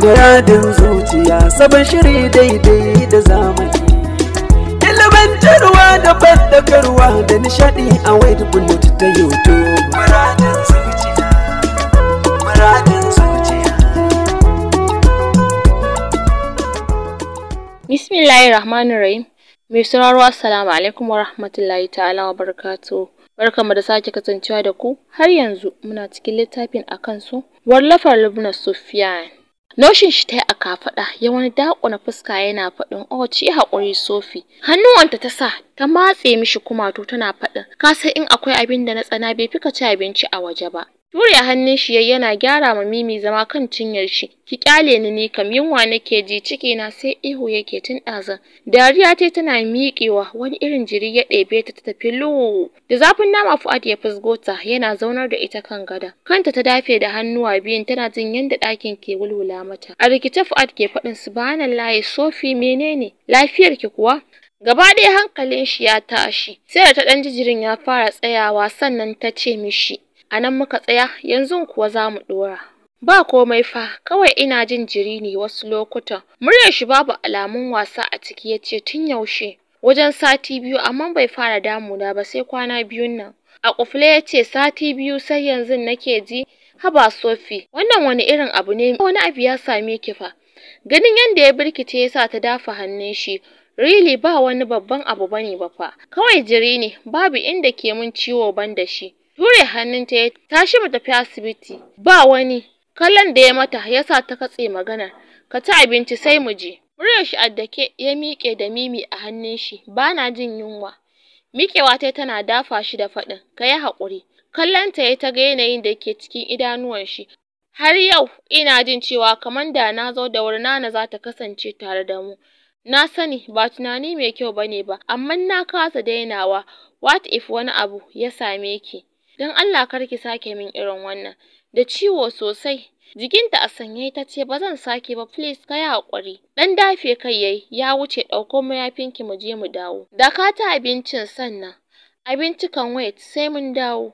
Muradin zuciya sabon shiri daidai da zamani Ilimantarwa da bandagarwa da nishadi a wade bullet ta YouTube Muradin zuciya Muradin zuciya Bismillahirrahmanirrahim Mai sauraro Assalamu alaikum wa rahmatullahi ta'ala wa barka Barkanmu da sake kasancewa da ku har yanzu muna cikin littafin akan su wallafar Lubna Sufyan Noshin shi ta yi a kafaɗa ya wani na fuska yana faɗin “Oh ci haƙuri sofi Hannuwanta ta sa ta matse mishi kumatu tana faɗin “Ka san in akwai abin da na tsana bai fi ka ci abinci a waje ba.” Ture hannun shi yayi yana gyara ma Mimi zama kan cinyar shi. “Ki kyale ni ni kam, yunwa nake ji, na sai ihu yake tun dazan Dariya ta tana miƙewa, wani irin jiri ya ɗebe ta ta tafi luhu. Da zafin nama Fuad ya fizgo yana zaunar da ita kan gada. Kanta ta dafe da hannuwa biyun tana jin yadda ɗakin ke wulwula mata. A rikice Fuad ke faɗin subhanallahi sofi menene? ki kuwa? Gaba ɗaya hankalin shi ya tashi, sai ta ɗan jijirin ya fara tsayawa sannan ta ce mishi. A nan muka tsaya, yanzu kuwa za mu ɗora. Ba komai fa, kawai ina jin jiri ne wasu lokutan. Muryar shi babu alamun wasa a ciki ya ce tun yaushe. Wajen sati biyu amma bai fara damuna ba sai kwana biyun nan. A ƙufle ya ce sati biyu sai yanzu nake ji haba sofi wannan wani irin abu ne wani abu ya same ki fa. Ganin yadda ya birkice ya sa ta dafa hannun shi really ba wani babban abu bane ba fa. Kawai jiri ne babu inda ke mun ciwo ban da shi. Ture hannunta ya tashi mu tafi asibiti, ba wani. Kallon da ya mata ya sa ta katse magana. Ka ci abinci sai mu je. Muryarshi addake ya miƙe da Mimi a hannun shi. Bana jin yunwa. Miƙewa ta tana dafa shi da faɗin, ka yi haƙuri. Kallonta ya ta ga yanayin da ke cikin idanuwan shi. Har yau ina jin cewa kamar da na zo da wuri Nana za ta kasance tare da mu. Na sani ba tunani mai kyau ba ne ba, amma na kasa dainawa. What if wani abu ya same ki? don Allah kar ki sake min irin wannan, da ciwo sosai. Jikinta a sanye ta ce ba zan sake ba please ka yi haƙuri. Ɗan dafe kai yayi ya wuce ɗauko mayafinki mu je mu dawo. Da ka ta abincin sannan. Abinci kan wait sai mun dawo.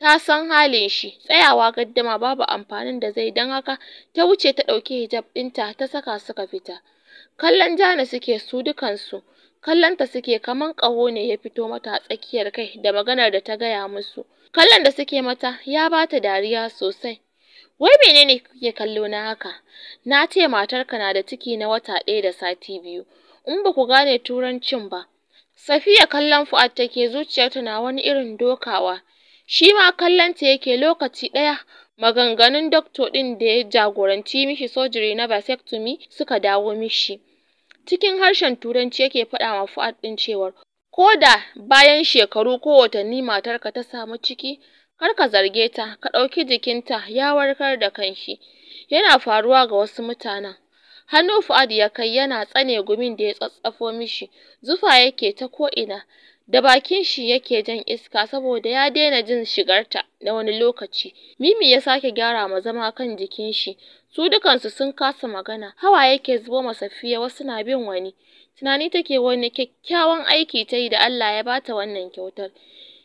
Ta san halin shi, tsayawa gaddama babu amfanin da zai dan haka ta wuce ta ɗauki hijab Dinta ta saka suka fita. Kallon jana suke su dukansu, kallonta suke kaman ƙaho ne ya fito mata tsakiyar kai da maganar da ta gaya musu. Kallon da suke mata ya ba ta dariya sosai. Wai menene ke kallo na haka? Na ce matarka na da ciki na wata ɗaya da sati biyu. In ba ku gane Turancin ba. Safiya kallon Fu'ad take zuciyarta na wani irin dokawa. Shi ma kallonta yake lokaci ɗaya maganganun doctor ɗin da ya jagoranci mishi sojiri na vasectomy suka dawo mishi. Cikin harshen Turanci yake faɗa wa Fuad ɗin cewar Ko da bayan shekaru ko watanni matarka ta samu ciki, kar ka zarge ta, ka ɗauki jikinta ya warkar da kanshi. Yana faruwa ga wasu mutanen. Hannu Fuad ya kai yana tsane gumin da ya tsattsafo mishi, zufa yake ta ko'ina. Da bakin shi yake jan iska saboda ya daina jin shigarta na wani lokaci. Mimi ya sake gyara ma zama kan jikin shi, su dukansu sun kasa magana. hawa yake zubo ma wasu na bin wani. Tunani take wani kyakkyawan aiki ta yi da Allah ya bata wannan kyautar.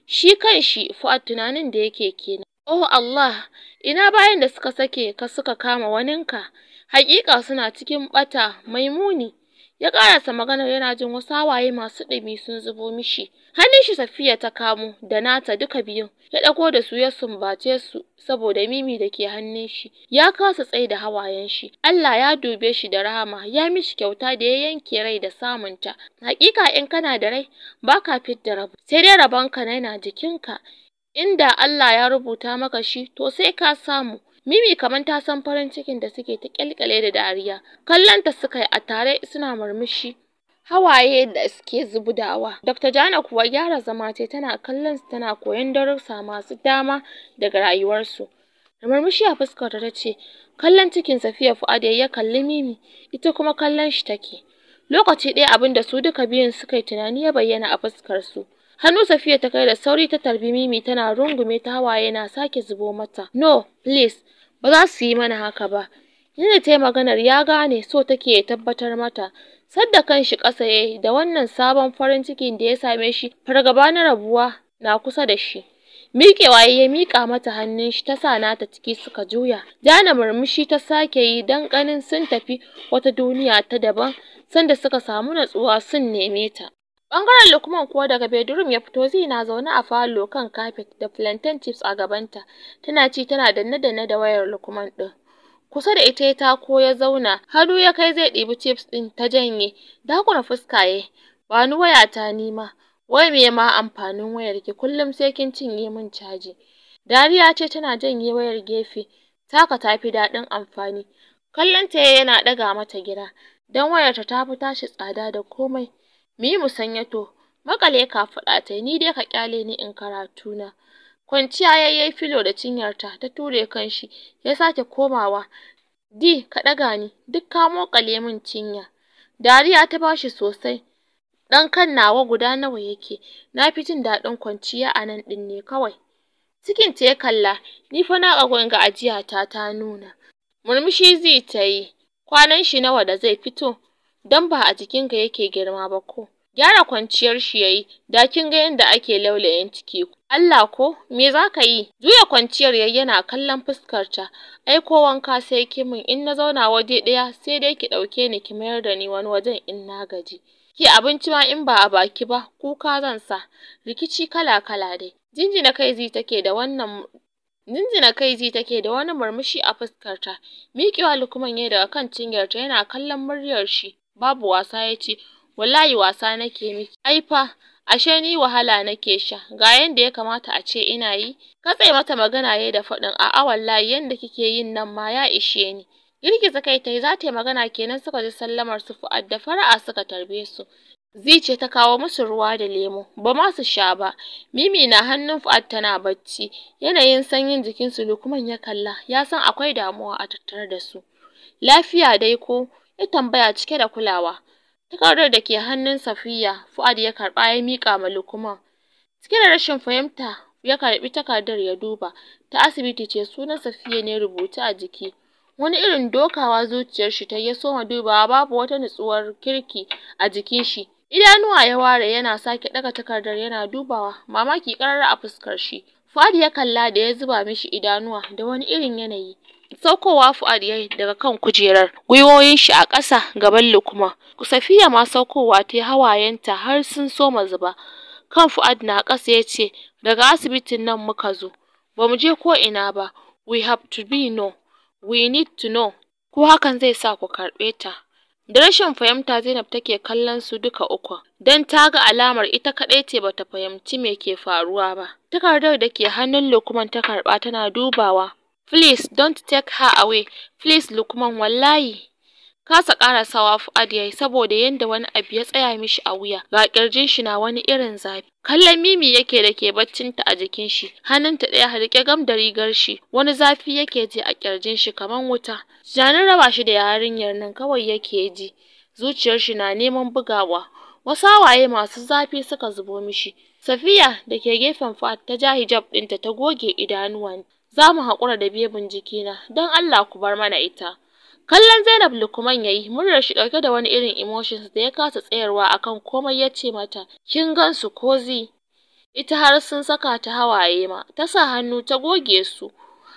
Shi kan shi Fuad tunanin da yake kenan. Oh Allah, ina bayan da suka sake ka suka kama waninka. Hakika suna cikin ɓata mai muni. Ya ƙarasa maganar yana jin wasu hawaye masu ɗumi sun zubo mishi. Hannun shi Safiya ta kamo da nata duka biyun. Ya ɗago da su ya sumbace su saboda mimi da ke hannun shi. Ya kasa tsaye da hawayen shi. Allah ya dube shi da rahama, ya mishi kyauta da ya yanke rai da samunta. Hakika in kana da rai, ba ka fidda rabu. Sai dai rabonka na yana jikinka. Inda Allah ya rubuta maka shi, to sai ka samu. Mimi kamar ta san farin cikin da suke ta kyalkyale da dariya. Kallonta suka yi a tare suna murmushi. Hawaye da suke zubdawa. Dr. Jana kuwa gyara zama ce tana kallon su tana koyon darussa masu dama daga rayuwarsu. Da murmushi a fuskarta ta ce, kallon cikin Safiya Fuad ya kalli Mimi, ita kuma kallon shi take. Lokaci ɗaya abin da su duka biyun suka yi tunani ya bayyana a fuskarsu. Hannu Safiya ta kai da sauri ta tarbi Mimi tana rungume ta hawaye na sake zubo mata. No, please, ba za su yi mana haka ba. da ta yi maganar ya gane so take ya tabbatar mata. Sadda kanshi ƙasa ya yi da wannan sabon farin cikin da ya same shi, fargaba na rabuwa na kusa da shi. Miƙewa ya miƙa mata hannun shi ta sa nata ciki suka juya. Jana murmushi ta sake yi dan ganin sun tafi wata duniya ta daban, sanda suka samu natsuwa sun neme ta. Ɓangaren Lukman kuwa daga bedroom ya fito, zai na zaune a falo kan kafet da plantain chips a gabanta, tana ci tana danne-danne da wayar Lukman ɗin. Kusa da ita ya ko ya zauna, hannu ya kai zai ɗibi chips ɗin ta janye, dakuna fuska ye, "Ba ni wayata ni ma, wai me ma amfanin wayar ki? kullum sai kin cinye min caji." Dariya ce tana janye wayar gefe, "Taka ta fi daɗin amfani." Kallonta yayi yana ɗaga mata gida don wayarta ta fi tashi tsada da komai. mu yi musanyato maƙale faɗa ta ni dai ka kyale ni in karatu na kwanciya ya yi filo da cinyarta ta ture kan shi ya sake komawa di ka ɗaga ni duk ka mokale min cinya dariya ta bashi sosai ɗan kan nawa guda nawa yake na fi jin daɗin kwanciya a nan ɗin ne kawai Cikin ta ya kalla ni fa na ga ajiyata ta nuna murmushi zai ta yi kwanan shi nawa da zai fito don ba a jikinka yake girma ba ko. Gyara kwanciyar shi yayi yi, da kin ga yadda ake laulayin ciki Allah ko, me za ka yi? Juya kwanciyar yayi yana kallon fuskarta. Ai ko wanka sai ki mun in na zauna waje daya, sai dai ki ɗauke ni ki mayar da ni wani wajen in na gaji. Ki abinci ma in ba a baki ba, kuka zan sa. Rikici kala-kala dai. Jinjina kai zai take da wannan kai take da wani murmushi a fuskarta. Miƙewa Lukman ya daga kan cinyarta yana kallon muryar shi. babu wasa ya ce, “Wallahi wasa nake miki, ai fa, ashe ni wahala nake sha, ga yadda ya kamata a ce ina yi?” Katse mata magana ya da da faɗin, “A'a wallahi yanda kike yin nan ma ya ishe ni.” Girgiza kai ta yi za ta yi magana kenan suka ji sallamar su Fuad da fara'a suka tarbe su. Zice ta kawo musu ruwa da lemo, ba ma su sha ba. Mimi na hannun Fuad tana bacci, yanayin sanyin jikinsu Lukman ya kalla, ya san akwai damuwa a tattare da su. Lafiya dai ko? ya tambaya cike da kulawa. Takardar da ke hannun Safiya, Fuad ya karba ya mika ma Lukman. Cike da rashin fahimta ya karɓi takardar ya duba, ta asibiti ce sunan Safiya ne rubuta a jiki. Wani irin dokawa zuciyar shi ta ya soma dubawa babu wata nutsuwar kirki a jikin shi. Idanuwa ya ware yana sake daga takardar yana dubawa, mamaki karara a fuskar shi. Fuad ya kalla da ya zuba mishi idanuwa da wani irin yanayi. Saukowa Fuad ya daga kan kujerar, gwiwoyin shi a ƙasa gaban Lukuma Safiya ma saukowa ta yi hawayenta har sun soma zuba. Kan Fuad na ƙasa ya ce, Daga asibitin nan muka zo, ba mu je ko ina ba, we have to be no we need to know, ko hakan zai sa ku karɓe ta. Da rashin fahimta Zainab take kallon su duka uku, Dan ta ga alamar ita kaɗai ce bata fahimci me ke faruwa ba. Takardar da ke hannun lokuman ta karɓa tana dubawa, Please don't take her away, please Lukman wallahi. Kasa sawa Fuad yayi saboda yadda wani abu ya tsaya mishi a wuya, ga kirjin shi na wani irin zafi. Kallon Mimi yake da ke ta a jikin shi, hannunta ɗaya rike gam da rigar shi, wani zafi yake ji a kirjin shi kamar wuta. Janin raba shi da yarinyar nan kawai yake ji, zuciyar shi na neman bugawa. Wasu hawaye masu zafi suka zubo mishi. Safiya da ke gefen Fuad ta ja hijab ɗinta ta goge idanuwanta. za mu haƙura da bebin jikina, don Allah ku bar mana ita. Kallon Zainab Lukman ya yi, muryar shi ɗauke da wani irin emotions da ya kasa tsayarwa akan komai ya ce mata, kin gansu ko zi? Ita har sun saka ta hawaye ma, ta sa hannu ta goge su.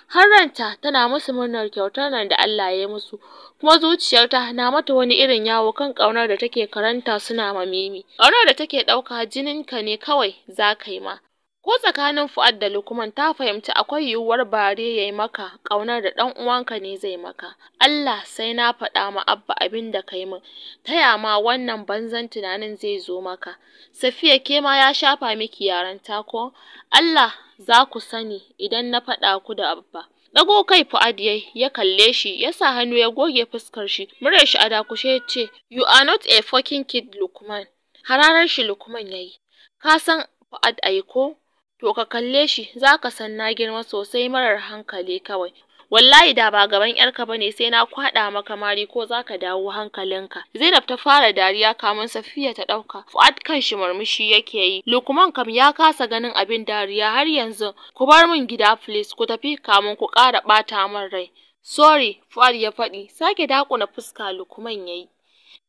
Har ranta tana musu murnar kyautar nan da Allah ya yi musu, kuma zuciyarta na mata wani irin yawo kan ƙaunar da take karanta suna mamimi. Ƙaunar da take ɗauka jinin ka ne kawai za ka yi ma. Ko tsakanin Fuad da Lukman ta fahimci akwai yiwuwar bare ya maka ƙaunar da uwanka ne zai maka, Allah sai na faɗa ma Abba abin da ka yi min, ta ya ma wannan banzan tunanin zai zo maka, Safiya ke ma ya shafa miki ta, ko, Allah za ku sani idan na faɗa ku da Abba. Ɗago kai Fuad ya ya kalle shi, ya sa hannu ya goge fuskar shi, muryar shi a dakushe ya ce, You are not a fucking kid, Lukman. Hararar shi Lukman yayi. ka san Fuad ai ko? to ka kalle shi za ka san na girma sosai marar hankali kawai. Wallahi da ba gaban ‘yarka bane sai na kwaɗa maka mari ko za ka dawo hankalinka. Zainab ta fara dariya kamun Safiya ta ɗauka. Fuad kan shi murmushi yake yi. Lukman kam ya kasa ganin abin dariya har yanzu. Ku bar min gida please ku tafi kamun ku ƙara ɓata min rai. Sorry, Fuad ya faɗi, sake dakuna fuska Lukman yayi yi.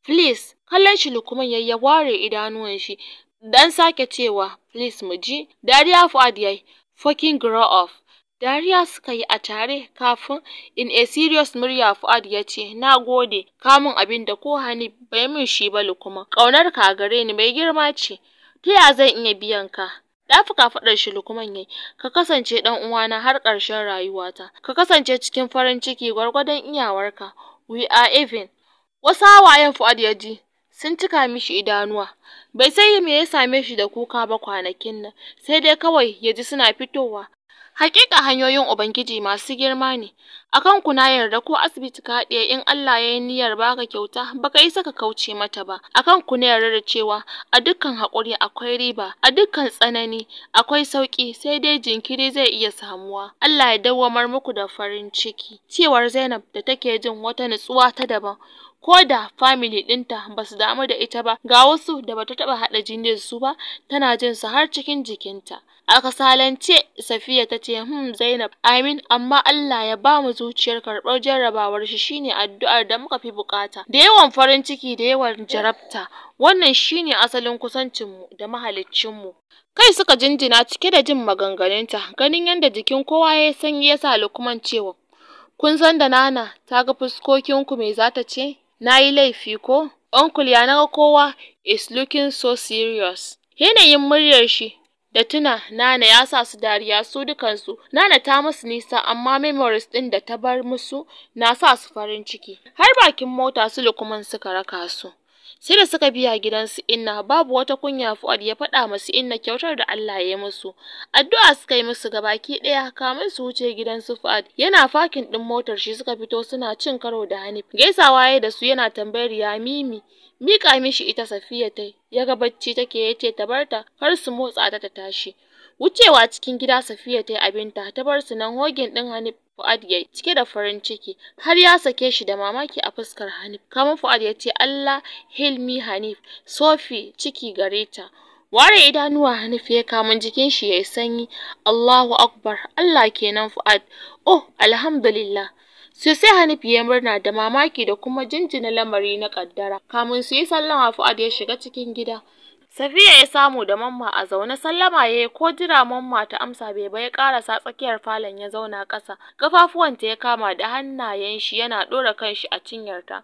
Please, kallon shi Lukman yayi ya ware idanuwan shi Dan sake cewa “please mu ji,” dariya Fuad ya yi, “fucking grow up” dariya suka yi a tare kafin in a serious murya Fuad ya ce “na gode, kamun abin da ko hani bai mun shi ba kuma ƙaunarka a gare ni mai girma ce, ta ya zan iya biyan ka?” Dafa kafaɗar shi lukuman yayi “ka kasance ɗan uwana har ƙarshen rayuwata, ka kasance cikin farin ciki gwargwadon iyawarka, we are even” wasu hawayen Fuad ya ji sun cika mishi idanuwa. Bai san me ya same shi da kuka ba kwanakin nan, sai dai kawai ya ji suna fitowa. Hakika hanyoyin Ubangiji masu girma ne, a ku na yarda ko asibiti ka haɗiye in Allah ya yi niyyar baka kyauta baka isa ka kauce mata ba, a ku na yarda da cewa a dukkan haƙuri akwai riba, a dukkan tsanani akwai sauƙi sai dai jinkiri zai iya samuwa. Allah ya dawwamar muku da farin ciki. Cewar Zainab da take jin wata nutsuwa ta daban ko da family ɗinta ba su damu da ita ba ga wasu da bata taɓa haɗa jini su ba tana jin su har cikin jikinta a kasalance safiya ta ce hmm zainab amin amma allah ya ba mu zuciyar karɓar jarrabawar shi shine addu'ar da muka fi bukata da yawan farin ciki da yawan jarabta wannan shine asalin kusancinmu da mahaliccinmu kai suka jinjina cike da jin maganganunta ganin yadda jikin kowa ya sanyi ya sa lukman cewa kun san da nana ta ga fuskokinku me za ta ce “Na yi laifi ko, Uncle ya naga kowa is looking so serious,” yanayin muryar shi da tuna Nana ya sa su dariya su dukansu, Nana ta musu nisa amma memories ɗin da ta bar musu na sa su farin ciki, har bakin mota su Lukman suka raka su. Sai da suka biya gidan su Inna babu wata kunya Fuad ya faɗa masu Inna kyautar da Allah ya yi musu. Addu'a suka yi musu gabaki ɗaya kamun su wuce gidan su Fuad. Yana fakin ɗin motar shi suka fito suna cin karo da Hanif. Gaisawa ya da su yana tambayar ya Mimi. Mika mishi ita Safiya ta ya ga bacci take yace ta barta har su motsa ta ta tashi. wucewa cikin gida Safiya ta abinta ta bar su nan hogin ɗin Hanif Fuad ya yi cike da farin ciki har ya sake shi da mamaki a fuskar Hanif. kamar Fuad ya ce Allah Hilmi Hanif Sophie ciki gare ta. Ware idanuwa Hanif ya kamun jikin shi ya yi sanyi Allahu Akbar Allah kenan Fuad. Oh alhamdulillah. sai Hanif ya murna da mamaki da kuma jinjina lamari na kaddara. Kamun su yi sallama Fuad ya shiga cikin gida. Safiya ya samu da Mamma a zaune, sallama ya yi ko jira Mamma ta amsa bai ba ya sa tsakiyar falon ya zauna ƙasa, ƙafafuwanta ya kama da hannayen shi yana ɗora shi a cinyarta.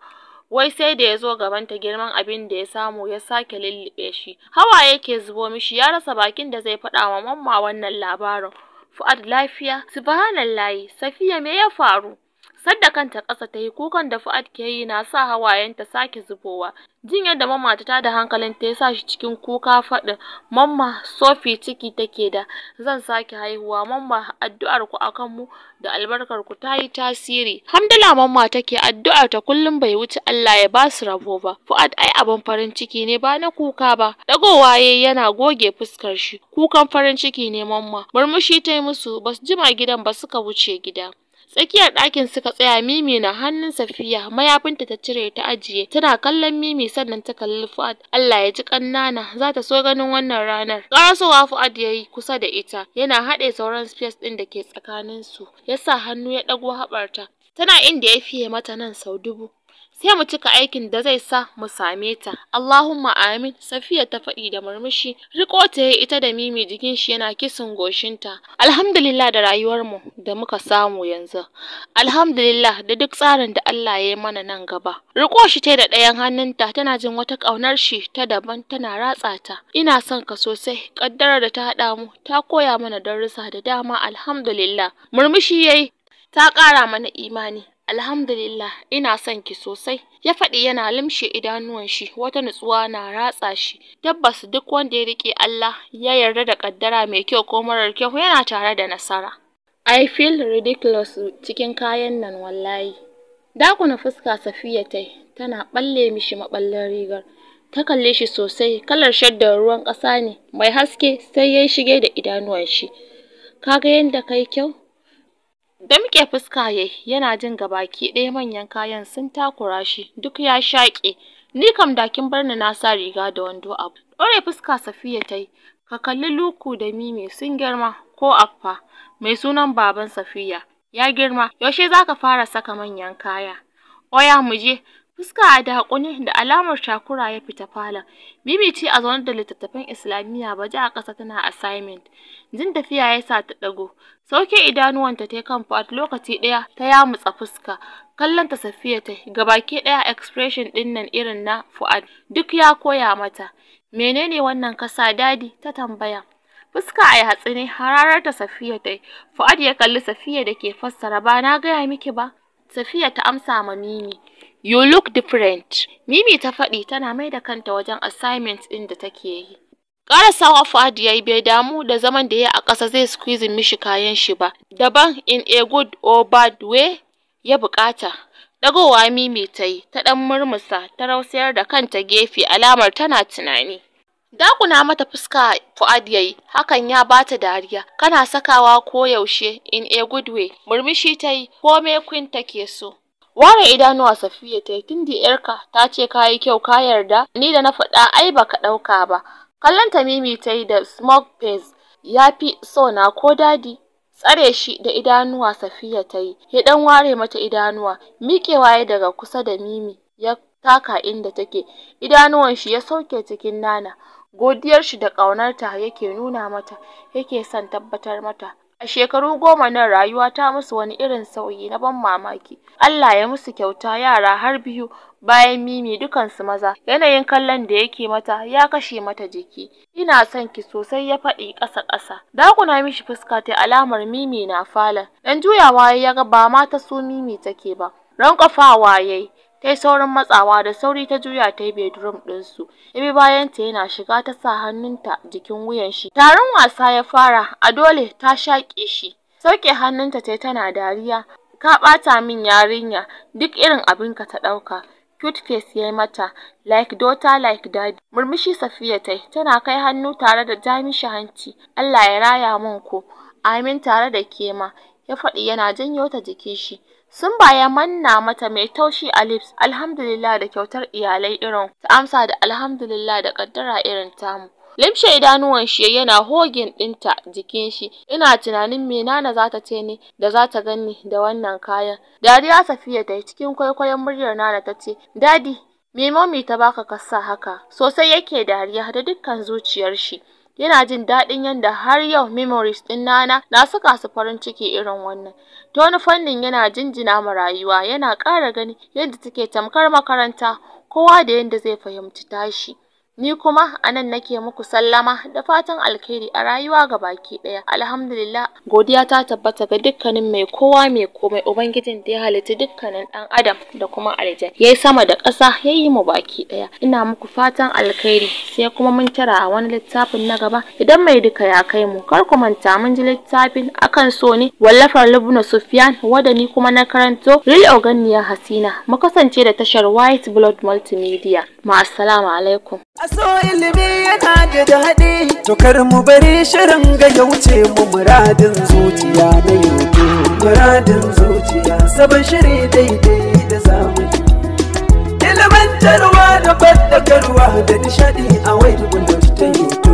Wai sai da ya zo gaban ta girman abin da ya samu ya sake lullube shi. Hawa yake zubo mishi ya rasa bakin da zai faɗa wa Mamma wannan labarin. Fuad lafiya, subhanallahi, Safiya me ya faru? Sadda kanta ƙasa ta yi kukan da Fuad ke yi na sa hawayenta sake zubowa. Jin yadda mamma ta tada hankalin ta ya sa shi cikin kuka faɗin, "Mamma, Sophie ciki take da, zan sake haihuwa, mamma addu'ar ku akan mu da albarkar ku ta yi tasiri." Hamdala mamma take addu'ar ta kullum bai wuce Allah ya ba su rabo ba. Fuad ai abin farin ciki ne ba na kuka ba. Dagowa yayi yana goge fuskar shi. Kukan farin ciki ne mamma. Murmushi ta yi musu, basu jima gidan ba suka wuce gida. Tsakiyar ɗakin suka tsaya Mimi na hannun Safiya mayafinta ta cire ta ajiye tana kallon Mimi sannan ta kalli Fuad Allah ya ji ƙannana, za ta so ganin wannan ranar. Karasowa Fuad ya yi kusa da ita yana haɗe sauran space ɗin da ke tsakaninsu ya sa hannu ya ɗago haɓarta tana inda ya fiye mata nan sau dubu sai mu cika aikin da zai sa mu same ta. Allahumma amin, Safiya ta faɗi da murmushi, riko ta yi ita da Mimi jikin shi yana kisin goshinta. Alhamdulillah da rayuwar mu da muka samu yanzu. Alhamdulillah da duk tsarin da Allah ya yi mana nan gaba. Riko shi ta da ɗayan hannunta tana jin wata ƙaunar shi ta daban tana ratsa ta. Ina son ka sosai, ƙaddarar da ta haɗa mu ta koya mana darussa da dama alhamdulillah. Murmushi yayi ta ƙara mana imani. Alhamdulillah ina son ki sosai,” ya faɗi yana limshe idanuwan shi, wata nutsuwa na ratsa shi. Tabbas duk wanda ya riƙe Allah ya yarda da kaddara mai kyau ko marar kyau yana tare da nasara. I feel ridiculous cikin kayan nan wallahi. Dakuna fuska Safiya tai, tana balle mishi maballin rigar. Ta kalle shi sosai, kalar shaddar ruwan ƙasa ne, mai haske sai ya shige da idanuwan shi. Kaga yadda kai kyau? Damƙe fuska ya yana jin gabaki ɗaya manyan kayan sun takura shi, duk ya shaƙe. Ni kam da kin bar na sa riga da wando abu. ɗaure fuska Safiya ta yi, ka kalli Luku da Mimi sun girma, ko Affa, mai sunan baban Safiya, ya girma, yaushe za ka fara saka manyan kaya? Oya mu je, fuska a hakuri da alamar shakura ya fita falon Bibi ce a zaune da littattafan Islamiyya baje a ƙasa tana assignment jin tafiya ya sa ta dago sauke idanuwanta ta kan Fuad lokaci daya ta yamutsa fuska kallon ta Safiya ta gabaki daya expression din nan irin na Fuad duk ya koya mata menene wannan kasa dadi ta tambaya fuska a hatsi ne hararar ta Safiya ta Fuad ya kalli Safiya da ke fassara ba na gaya miki ba Safiya ta amsa ma Mimi “You look different,” Mimi ta faɗi tana mai da kanta wajen assignment ɗin da take yi. Ƙarasawa Fuad ya yi bai damu da zaman da ya a ƙasa zai squeeze mishi kayan shi ba, daban in a good or bad way ya buƙata. Dagowa Mimi ta yi, ta ɗan murmusa, ta rausayar da kanta gefe alamar tana tunani. Dakuna mata fuska Fuad yayi, hakan ya bata dariya. Kana sakawa koyaushe in a good way. Murmushi ta yi, kome Queen take so. Ware idanuwa Safiya ta yi, tun da 'yarka ta ce ka yi kyau ka yarda, ni da na faɗa ai ba ka ɗauka ba. Kallon Tamimi ta yi da smog face, ya fi so na, ko dadi. Tsare shi da idanuwa Safiya ta yi, ya ɗan ware mata idanuwa, miƙewa ya daga kusa da Mimi ya taka inda take, idanuwan shi ya sauke cikin nana. Godiyar shi da ƙaunarta yake nuna mata, yake son tabbatar mata. A shekaru goma nan rayuwa ta musu wani irin sauyi na ban mamaki, Allah ya musu kyauta yara har biyu bayan Mimi dukansu maza, yanayin kallon da yake mata ya kashe mata jiki. "Ina son ki sosai" ya faɗi ƙasa-ƙasa. Dakuna mishi fuska ta alamar Mimi na falon, dan juyawa ya ga ba mata su Mimi take ba, Ran kafawa yayi. Ta yi saurin matsawa da sauri ta juya ta yi bedroom ɗinsu. Ibi bayanta yana shiga ta sa hannunta jikin wuyan shi. Tarin wasa ya fara, a dole ta shaƙe shi. Sauke hannunta ta tana dariya. Ka ɓata min yarinya, duk irin abin ka ta ɗauka. Cute face ya yi mata, like daughter like daddy. Murmushi Safiya ta yi, tana kai hannu tare da Jami shi hanci. Allah ya raya mun ko, amin tare da ke Ya faɗi yana janyo ta jikin shi. Sun ya manna mata mai taushi a lips, alhamdulillah da kyautar iyalai irin ta amsa da alhamdulillah da kaddara irin tamu. Limshe idanuwan shi yana hogin dinta jikin shi, ina tunanin me Nana za ta ce ni da za ta gani da wannan kayan. Dariya Safiya ta cikin kwaikwayon muryar Nana ta ce, Dadi, me ta baka kasa haka? Sosai yake dariya da dukkan zuciyar shi. Yana jin daɗin yadda har yau memories ɗin Nana na saka su farin ciki irin wannan. Ta wani fannin yana jinjina ma rayuwa, yana ƙara gani yadda take tamkar makaranta, kowa da yadda zai fahimci tashi. Ni kuma a nan nake muku sallama da fatan alkhairi a rayuwa ga baki ɗaya. Alhamdulillah, godiya ta tabbata ga dukkanin mai kowa mai komai Ubangijin da ya halitta dukkanin ɗan adam da kuma aljan. Ya yi sama da ƙasa ya yi mu baki ɗaya. Ina muku fatan alkhairi sai kuma mun tara a wani littafin na gaba idan mai duka ya kai mu. Kar ku manta mun ji littafin akan so ne wallafar Lubna Sufyan wadda ni kuma na karanto Real Organiya Hasina. Mu kasance da tashar White Blood Multimedia. Ma assalamu alaikum. so ilimi yana da daɗi to kar mu bari shirin ga ya wuce mu muradin zuciya na yanzu muradin zuciya sabon shiri daidai da zamani ilimantarwa da fadakarwa da nishaɗi a wai ta youtube